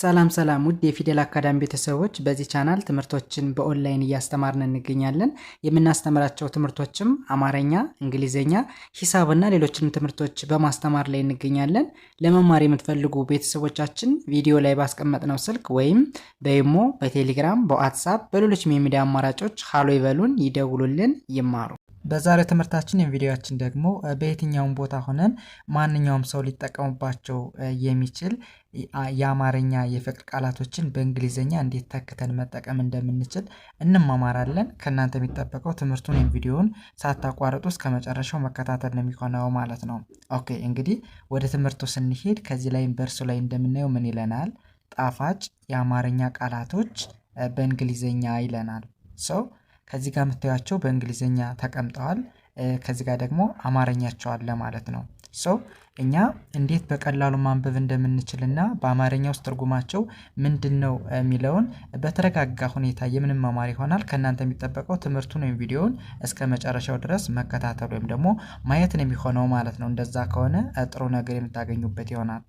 ሰላም ሰላም ውድ የፊደል አካዳሚ ቤተሰቦች፣ በዚህ ቻናል ትምህርቶችን በኦንላይን እያስተማርን እንገኛለን። የምናስተምራቸው ትምህርቶችም አማረኛ፣ እንግሊዝኛ፣ ሂሳብና ሌሎችንም ትምህርቶች በማስተማር ላይ እንገኛለን። ለመማር የምትፈልጉ ቤተሰቦቻችን ቪዲዮ ላይ ባስቀመጥነው ስልክ ወይም በይሞ፣ በቴሌግራም፣ በዋትሳፕ፣ በሌሎች የሚዲያ አማራጮች ሀሎ ይበሉን፣ ይደውሉልን፣ ይማሩ። በዛሬ ትምህርታችን የቪዲዮችን ደግሞ በየትኛውም ቦታ ሆነን ማንኛውም ሰው ሊጠቀሙባቸው የሚችል የአማርኛ የፍቅር ቃላቶችን በእንግሊዝኛ እንዴት ተክተን መጠቀም እንደምንችል እንማማራለን። ከእናንተ የሚጠበቀው ትምህርቱን ወይም ቪዲዮውን ሳታቋርጡ እስከ መጨረሻው መከታተል ነው የሚሆነው ማለት ነው። ኦኬ እንግዲህ ወደ ትምህርቱ ስንሄድ ከዚህ ላይ በእርሱ ላይ እንደምናየው ምን ይለናል? ጣፋጭ የአማርኛ ቃላቶች በእንግሊዝኛ ይለናል ሰው ከዚህ ጋር የምታያቸው በእንግሊዝኛ ተቀምጠዋል። ከዚህ ጋር ደግሞ አማርኛቸው አለ ማለት ነው። ሶ እኛ እንዴት በቀላሉ ማንበብ እንደምንችል ና በአማርኛ ውስጥ ትርጉማቸው ምንድን ነው የሚለውን በተረጋጋ ሁኔታ የምንም መማር ይሆናል። ከእናንተ የሚጠበቀው ትምህርቱን ወይም ቪዲዮውን እስከ መጨረሻው ድረስ መከታተል ወይም ደግሞ ማየትን የሚሆነው ማለት ነው። እንደዛ ከሆነ ጥሩ ነገር የምታገኙበት ይሆናል።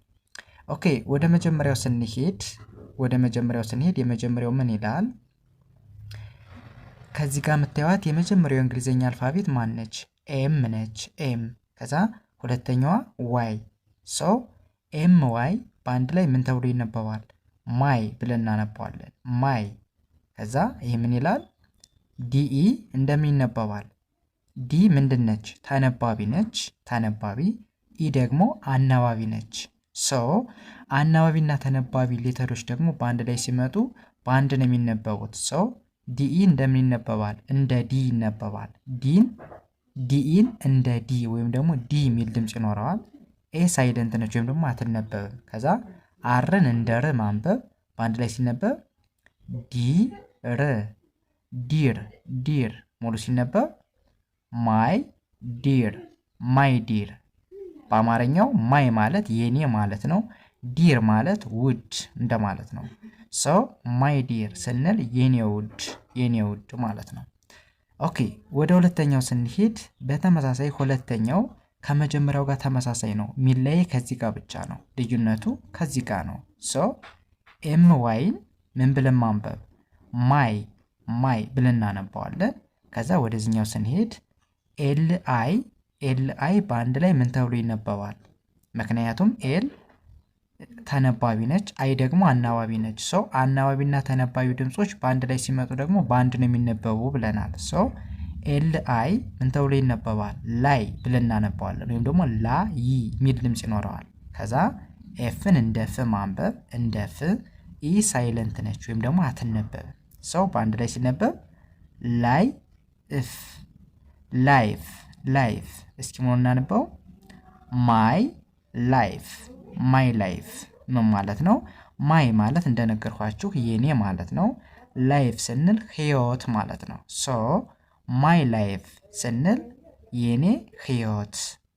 ኦኬ ወደ መጀመሪያው ስንሄድ ወደ መጀመሪያው ስንሄድ የመጀመሪያው ምን ይላል? ከዚህ ጋር የምታዩት የመጀመሪያው እንግሊዘኛ አልፋቤት ማን ነች? ኤም ነች። ኤም ከዛ ሁለተኛዋ ዋይ ሶ ኤም ዋይ በአንድ ላይ ምን ተብሎ ይነበባል? ማይ ብለን እናነባዋለን። ማይ ከዛ ይህ ምን ይላል? ዲኢ እንደምን ይነበባል? ዲ ምንድን ነች? ተነባቢ ነች። ተነባቢ ኢ ደግሞ አናባቢ ነች። ሶ አናባቢና ተነባቢ ሌተሮች ደግሞ በአንድ ላይ ሲመጡ በአንድ ነው የሚነበቡት ሰው ዲኢ እንደምን ይነበባል? እንደ ዲ ይነበባል። ዲን ዲኢን እንደ ዲ ወይም ደግሞ ዲ የሚል ድምፅ ይኖረዋል። ኤ ሳይለንት ነች ወይም ደግሞ አትነበብም። ከዛ አርን እንደ ር ማንበብ በአንድ ላይ ሲነበብ ዲ ር ዲር ዲር ሙሉ ሲነበብ ማይ ዲር ማይ ዲር። በአማርኛው ማይ ማለት የኔ ማለት ነው። ዲር ማለት ውድ እንደማለት ነው። ሰው ማይ ዲር ስንል የኔ ውድ የኔ ውድ ማለት ነው። ኦኬ ወደ ሁለተኛው ስንሄድ በተመሳሳይ ሁለተኛው ከመጀመሪያው ጋር ተመሳሳይ ነው። የሚለይ ከዚህ ጋር ብቻ ነው። ልዩነቱ ከዚህ ጋር ነው። ሶ ኤም ዋይን ምን ብለን ማንበብ ማይ ማይ ብለን እናነባዋለን። ከዛ ወደዚህኛው ስንሄድ ኤል አይ ኤል አይ በአንድ ላይ ምን ተብሎ ይነበባል? ምክንያቱም ኤል ተነባቢ ነች። አይ ደግሞ አናባቢ ነች። ሰው አናባቢና ተነባቢ ድምጾች በአንድ ላይ ሲመጡ ደግሞ በአንድ ነው የሚነበቡ ብለናል። ሰው ኤል አይ ምን ተብሎ ይነበባል? ላይ ብለን እናነባዋለን። ወይም ደግሞ ላ ይ የሚል ድምጽ ይኖረዋል። ከዛ ኤፍን እንደ ፍ ማንበብ እንደ ፍ፣ ኢ ሳይለንት ነች ወይም ደግሞ አትነበብም። ሰው በአንድ ላይ ሲነበብ ላይ እፍ፣ ላይፍ፣ ላይፍ። እስኪ ምን እናንበው ማይ ላይፍ ማይ ላይፍ ምን ማለት ነው? ማይ ማለት እንደነገርኳችሁ የኔ ማለት ነው። ላይፍ ስንል ህይወት ማለት ነው። ሶ ማይ ላይፍ ስንል የኔ ህይወት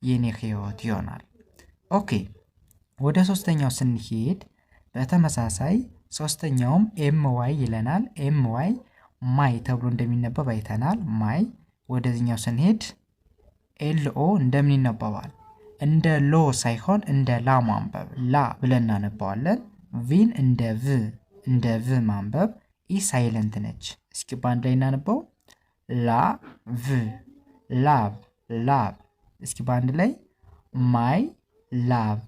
የኔ ህይወት ይሆናል። ኦኬ ወደ ሶስተኛው ስንሄድ በተመሳሳይ ሶስተኛውም ኤም ዋይ ይለናል። ኤም ዋይ ማይ ተብሎ እንደሚነበብ አይተናል። ማይ ወደዚህኛው ስንሄድ ኤልኦ እንደምን ይነበባል? እንደ ሎ ሳይሆን እንደ ላ ማንበብ ላ ብለን እናነባዋለን። ቪን እንደ ቭ እንደ ቭ ማንበብ ኢ ሳይለንት ነች። እስኪ በአንድ ላይ እናነበው ላ ቭ ላቭ ላቭ። እስኪ በአንድ ላይ ማይ ላቭ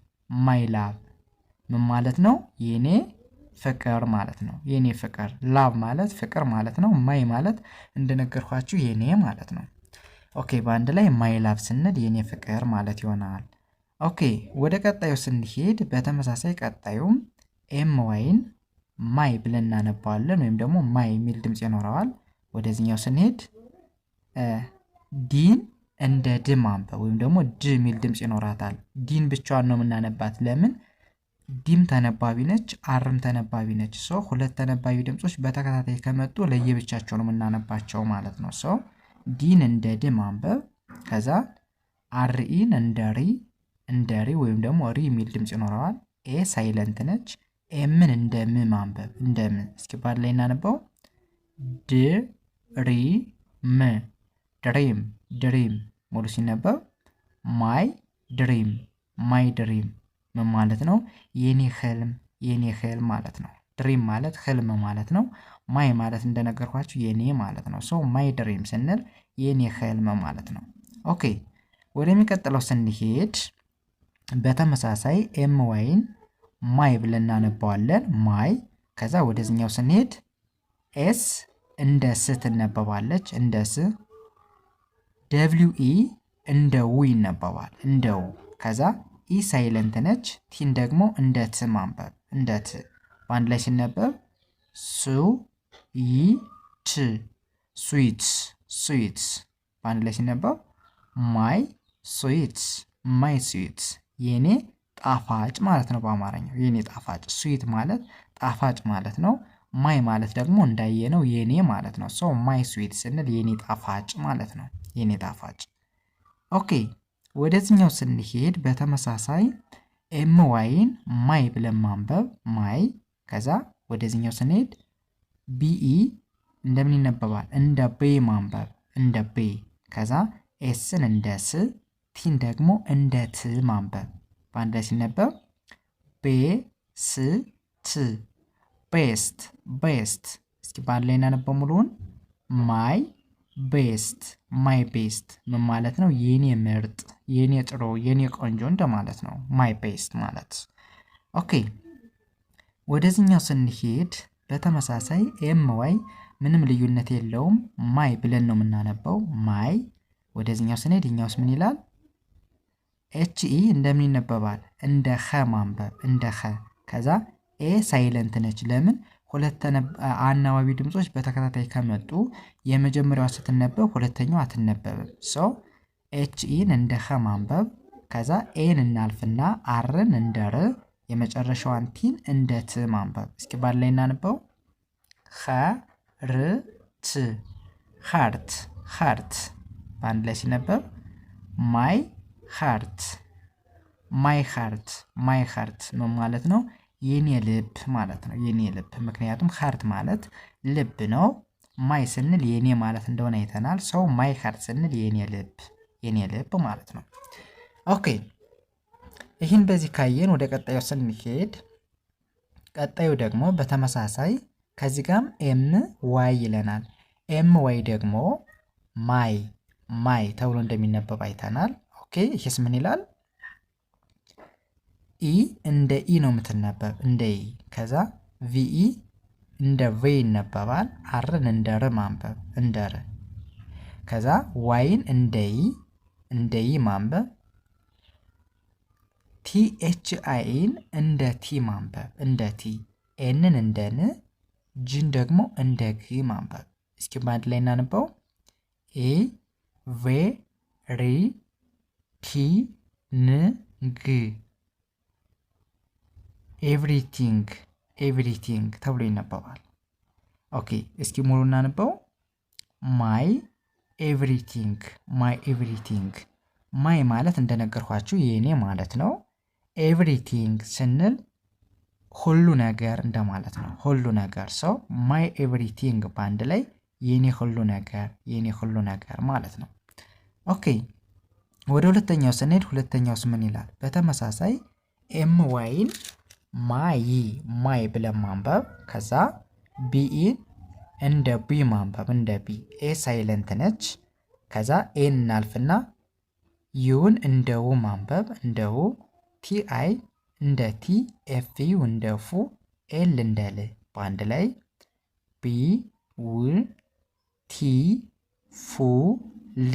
ማይ ላቭ ምን ማለት ነው? የኔ ፍቅር ማለት ነው። የኔ ፍቅር ላቭ ማለት ፍቅር ማለት ነው። ማይ ማለት እንደነገርኳችሁ የኔ ማለት ነው። ኦኬ በአንድ ላይ ማይ ስንል የኔ ፍቅር ማለት ይሆናል። ኦኬ ወደ ቀጣዩ ስንሄድ በተመሳሳይ ቀጣዩም ኤም ዋይን ማይ ብለን እናነባዋለን ወይም ደግሞ ማይ የሚል ድምፅ ይኖረዋል። ወደዚኛው ስንሄድ ዲን እንደ ድ ማንበብ ወይም ደግሞ ድ የሚል ድምፅ ይኖራታል። ዲን ብቻዋን ነው የምናነባት። ለምን? ዲም ተነባቢ ነች፣ አርም ተነባቢ ነች። ሰው ሁለት ተነባቢ ድምፆች በተከታታይ ከመጡ ለየብቻቸው ነው የምናነባቸው ማለት ነው ሰው ዲን እንደ ድ ማንበብ ከዛ አርኢን እንደ ሪ እንደ ሪ ወይም ደግሞ ሪ የሚል ድምፅ ይኖረዋል። ኤ ሳይለንት ነች። ኤምን እንደ ም ማንበብ እንደ ም። እስኪ ባድ ላይ እናነበው ድ ሪ ም ድሪም ድሪም ሙሉ ሲነበብ ማይ ድሪም ማይ ድሪም ምን ማለት ነው? የኔ ህልም የኔ ህልም ማለት ነው። ድሪም ማለት ህልም ማለት ነው። ማይ ማለት እንደነገርኳችሁ የኔ ማለት ነው። ሶ ማይ ድሪም ስንል የኔ ህልም ማለት ነው። ኦኬ ወደሚቀጥለው ስንሄድ በተመሳሳይ ኤም ዋይን ማይ ብለን እናነባዋለን። ማይ ከዛ ወደዚኛው ስንሄድ ኤስ እንደ ስ ትነበባለች፣ እንደ ስ። ደብሊው ኢ እንደ ው ይነበባል፣ እንደው። ከዛ ኢ ሳይለንት ነች፣ ቲን ደግሞ እንደ ት ማንበብ፣ እንደ ት። በአንድ ላይ ሲነበብ ሱ ኢት ስዊትስ ስዊትስ በአንድ ላይ ሲነበብ ማይ ስዊትስ ማይ ስዊትስ የኔ ጣፋጭ ማለት ነው። በአማርኛው የኔ ጣፋጭ ስዊት ማለት ጣፋጭ ማለት ነው። ማይ ማለት ደግሞ እንዳየነው የኔ ማለት ነው። ሰው ማይ ስዊት ስንል የኔ ጣፋጭ ማለት ነው። የኔ ጣፋጭ። ኦኬ ወደዚህኛው ስንሄድ በተመሳሳይ ኤም ዋይን ማይ ብለን ማንበብ ማይ። ከዛ ወደዚኛው ስንሄድ ቢኢ እንደምን ይነበባል? እንደ ቤ ማንበብ እንደ ቤ። ከዛ ኤስን እንደ ስ ቲን ደግሞ እንደ ት ማንበብ። በአንድ ላይ ሲነበብ ቤ ስ ት ቤስት ቤስት። እስኪ በአንድ ላይ እናነበው ሙሉውን። ማይ ቤስት ማይ ቤስት ምን ማለት ነው? የኔ ምርጥ፣ የኔ ጥሩ፣ የኔ ቆንጆ እንደማለት ነው። ማይ ቤስት ማለት ኦኬ። ወደዚህኛው ስንሄድ በተመሳሳይ ኤም ዋይ ምንም ልዩነት የለውም። ማይ ብለን ነው የምናነበው። ማይ ወደዚኛው ስንሄድ ይኛውስ ምን ይላል? ኤች ኢ እንደምን ይነበባል? እንደ ኸ ማንበብ እንደ ኸ። ከዛ ኤ ሳይለንት ነች። ለምን? ሁለት አናባቢ ድምጾች በተከታታይ ከመጡ የመጀመሪያዋ ስትነበብ ሁለተኛው አትነበብም። ሰው ኤች ኢን እንደ ኸ ማንበብ። ከዛ ኤን እናልፍና አርን እንደ ር የመጨረሻዋን ቲን እንደ ት ማንበብ። እስኪ ባድ ላይ እናንበው። ት ሀርት ሀርት በአንድ ላይ ሲነበብ ማይ ሀርት ማይ ሀርት ማይ ሀርት ምን ማለት ነው? የኔ ልብ ማለት ነው። የኔ ልብ ምክንያቱም ሀርት ማለት ልብ ነው። ማይ ስንል የኔ ማለት እንደሆነ አይተናል። ሰው ማይ ሀርት ስንል የኔ ልብ የኔ ልብ ማለት ነው። ኦኬ ይህን በዚህ ካየን ወደ ቀጣዩ ስንሄድ ቀጣዩ ደግሞ በተመሳሳይ ከዚህ ጋም ኤም ዋይ ይለናል። ኤም ዋይ ደግሞ ማይ ማይ ተብሎ እንደሚነበብ አይተናል። ኦኬ ይሄስ ምን ይላል? ኢ እንደ ኢ ነው የምትነበብ እንደ ኢ። ከዛ ቪኢ እንደ ቬ ይነበባል። አርን እንደ ር ማንበብ እንደ ር። ከዛ ዋይን እንደ ኢ እንደ ኢ ማንበብ ቲኤች አይን እንደ ቲ ማንበብ እንደ ቲ፣ ኤንን እንደ ን፣ ጅን ደግሞ እንደ ግ ማንበብ። እስኪ በአንድ ላይ እናንበው። ኤ ቬ ሪ ቲ ን ግ ኤቭሪቲንግ ኤቭሪቲንግ ተብሎ ይነበባል። ኦኬ እስኪ ሙሉ እናንበው። ማይ ኤቭሪቲንግ ማይ ኤቭሪቲንግ። ማይ ማለት እንደነገርኳችሁ የእኔ ማለት ነው። ኤቭሪቲንግ ስንል ሁሉ ነገር እንደማለት ነው። ሁሉ ነገር ሰው ማይ ኤቭሪቲንግ በአንድ ላይ የኔ ሁሉ ነገር የኔ ሁሉ ነገር ማለት ነው። ኦኬ ወደ ሁለተኛው ስንሄድ ሁለተኛውስ ምን ይላል? በተመሳሳይ ኤም ዋይን ማይ ማይ ብለን ማንበብ ከዛ ቢኢን እንደ ቢ ማንበብ እንደ ቢ ኤ ሳይለንት ነች። ከዛ ኤን እናልፍና ዩን እንደ ው ማንበብ እንደ ው ቲ አይ እንደ ቲ፣ ኤፍ ዩ እንደ ፉ፣ ኤል እንደ ል በአንድ ላይ ቢ ው ቲ ፉ ል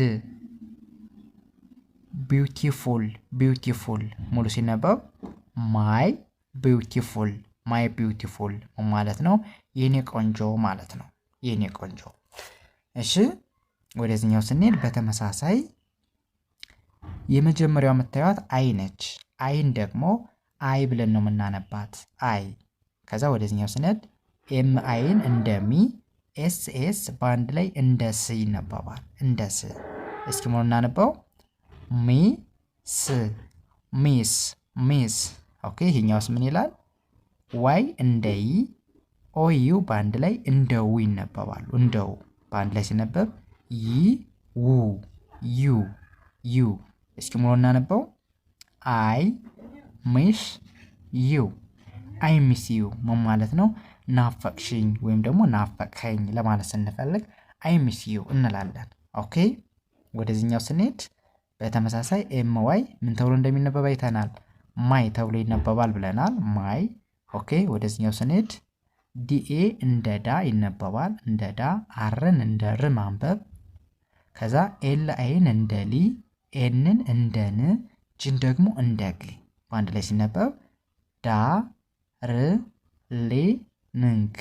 ቢውቲፉል ቢውቲፉል ሙሉ ሲነበብ ማይ ቢውቲፉል ማይ ቢውቲፉል ማለት ነው። የኔ ቆንጆ ማለት ነው። የኔ ቆንጆ። እሺ ወደዚኛው ስንሄድ በተመሳሳይ የመጀመሪያው የምታዩት አይ ነች። አይን ደግሞ አይ ብለን ነው የምናነባት አይ። ከዛ ወደዚኛው ስነድ ኤም አይን እንደ ሚ፣ ኤስ ኤስ በአንድ ላይ እንደ ስ ይነበባል። እንደ ስ እስኪ ሞ እናነበው ሚ ስ ሚስ ሚስ። ኦኬ ይሄኛውስ ምን ይላል? ዋይ እንደ ይ፣ ኦዩ በአንድ ላይ እንደ ው ይነበባሉ። እንደው በአንድ ላይ ሲነበብ ይ ው ዩ ዩ። እስኪ ሞ እናነበው አይ ሚስ ዩ አይ ሚስ ዩ ምን ማለት ነው? ናፈቅሽኝ ወይም ደግሞ ናፈቅኸኝ ለማለት ስንፈልግ አይ ሚስ ዩ እንላለን። ኦኬ ወደዚህኛው ስንሄድ በተመሳሳይ ኤም ዋይ ምን ተብሎ እንደሚነበብ አይተናል። ማይ ተብሎ ይነበባል ብለናል። ማይ ኦኬ። ወደዚህኛው ስንሄድ ዲኤ እንደ ዳ ይነበባል። እንደ ዳ አርን እንደ ር ማንበብ ከዛ ኤል አይን እንደ ሊ ኤንን እንደ ን ጅን ደግሞ እንደ ግ በአንድ ላይ ሲነበብ ዳ ር ሌ ንንግ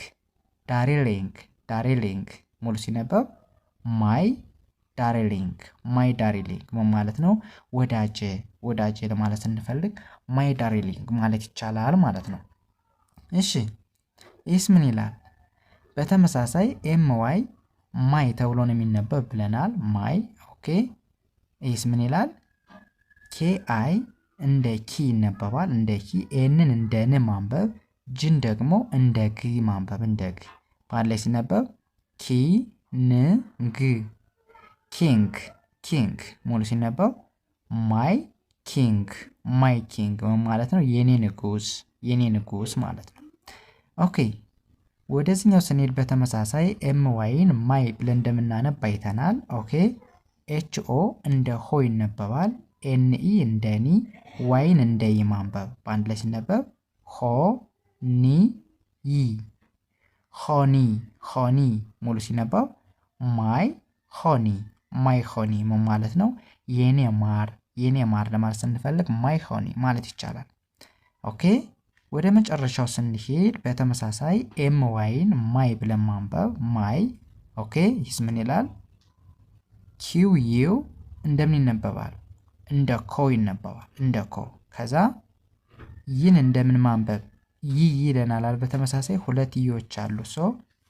ዳሬሊንግ ዳሬሊንግ ሙሉ ሲነበብ ማይ ዳሬሊንግ ማይ ዳሬሊንግ ማለት ነው። ወዳጀ ወዳጀ ለማለት ስንፈልግ ማይ ዳሬሊንግ ማለት ይቻላል ማለት ነው። እሺ ይህስ ምን ይላል? በተመሳሳይ ኤም ዋይ ማይ ተብሎ ነው የሚነበብ ብለናል። ማይ ኦኬ። ይህስ ምን ይላል? ኬ አይ እንደ ኪ ይነበባል። እንደ ኪ ኤንን እንደ ን ማንበብ፣ ጅን ደግሞ እንደ ግ ማንበብ። እንደ ግ በአንድ ላይ ሲነበብ ኪ ን ግ ኪንግ ኪንግ ሙሉ ሲነበብ ማይ ኪንግ ማይ ኪንግ ማለት ነው። የኔ ንጉስ የኔ ንጉስ ማለት ነው። ኦኬ ወደዚህኛው ስንሄድ በተመሳሳይ ኤም ዋይን ማይ ብለን እንደምናነብ አይተናል። ኦኬ ኤች ኦ እንደ ሆ ይነበባል። ኤንኢ እንደ ኒ ዋይን እንደ ይ ማንበብ በአንድ ላይ ሲነበብ ሆ ኒ ይ ሆኒ ሆኒ ሙሉ ሲነበብ ማይ ሆኒ ማይ ሆኒ ምን ማለት ነው? የኔ ማር የኔ ማር ለማለት ስንፈልግ ማይ ሆኒ ማለት ይቻላል። ኦኬ ወደ መጨረሻው ስንሄድ በተመሳሳይ ኤም ዋይን ማይ ብለን ማንበብ ማይ። ኦኬ ይህስ ምን ይላል? ኪው ዩ እንደምን ይነበባል? እንደ ኮ ይነበባል። እንደ ኮ ከዛ ይህን እንደምን ማንበብ ይ ይለናል። በተመሳሳይ ሁለት ይዎች አሉ። ሰው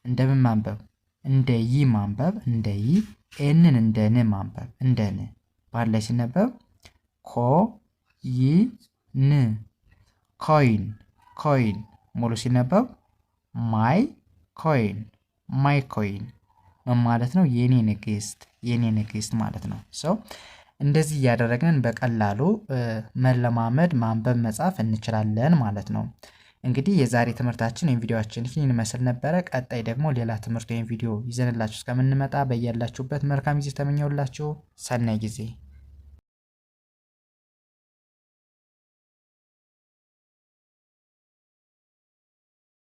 እንደምን ማንበብ እንደ ይ ማንበብ እንደ ይ ኤንን እንደ ን ማንበብ እንደ ን ባለ ሲነበብ ኮ ይ ን ኮይን ኮይን ሙሉ ሲነበብ ማይ ኮይን ማይ ኮይን ምን ማለት ነው? የኔ ንግስት የኔ ንግስት ማለት ነው። ሰው እንደዚህ እያደረግን በቀላሉ መለማመድ ማንበብ መጻፍ እንችላለን ማለት ነው። እንግዲህ የዛሬ ትምህርታችን ወይም ቪዲዮችን ይህን ይመስል ነበረ። ቀጣይ ደግሞ ሌላ ትምህርት ወይም ቪዲዮ ይዘንላችሁ እስከምንመጣ በያላችሁበት መልካም ጊዜ ተመኘውላችሁ። ሰናይ ጊዜ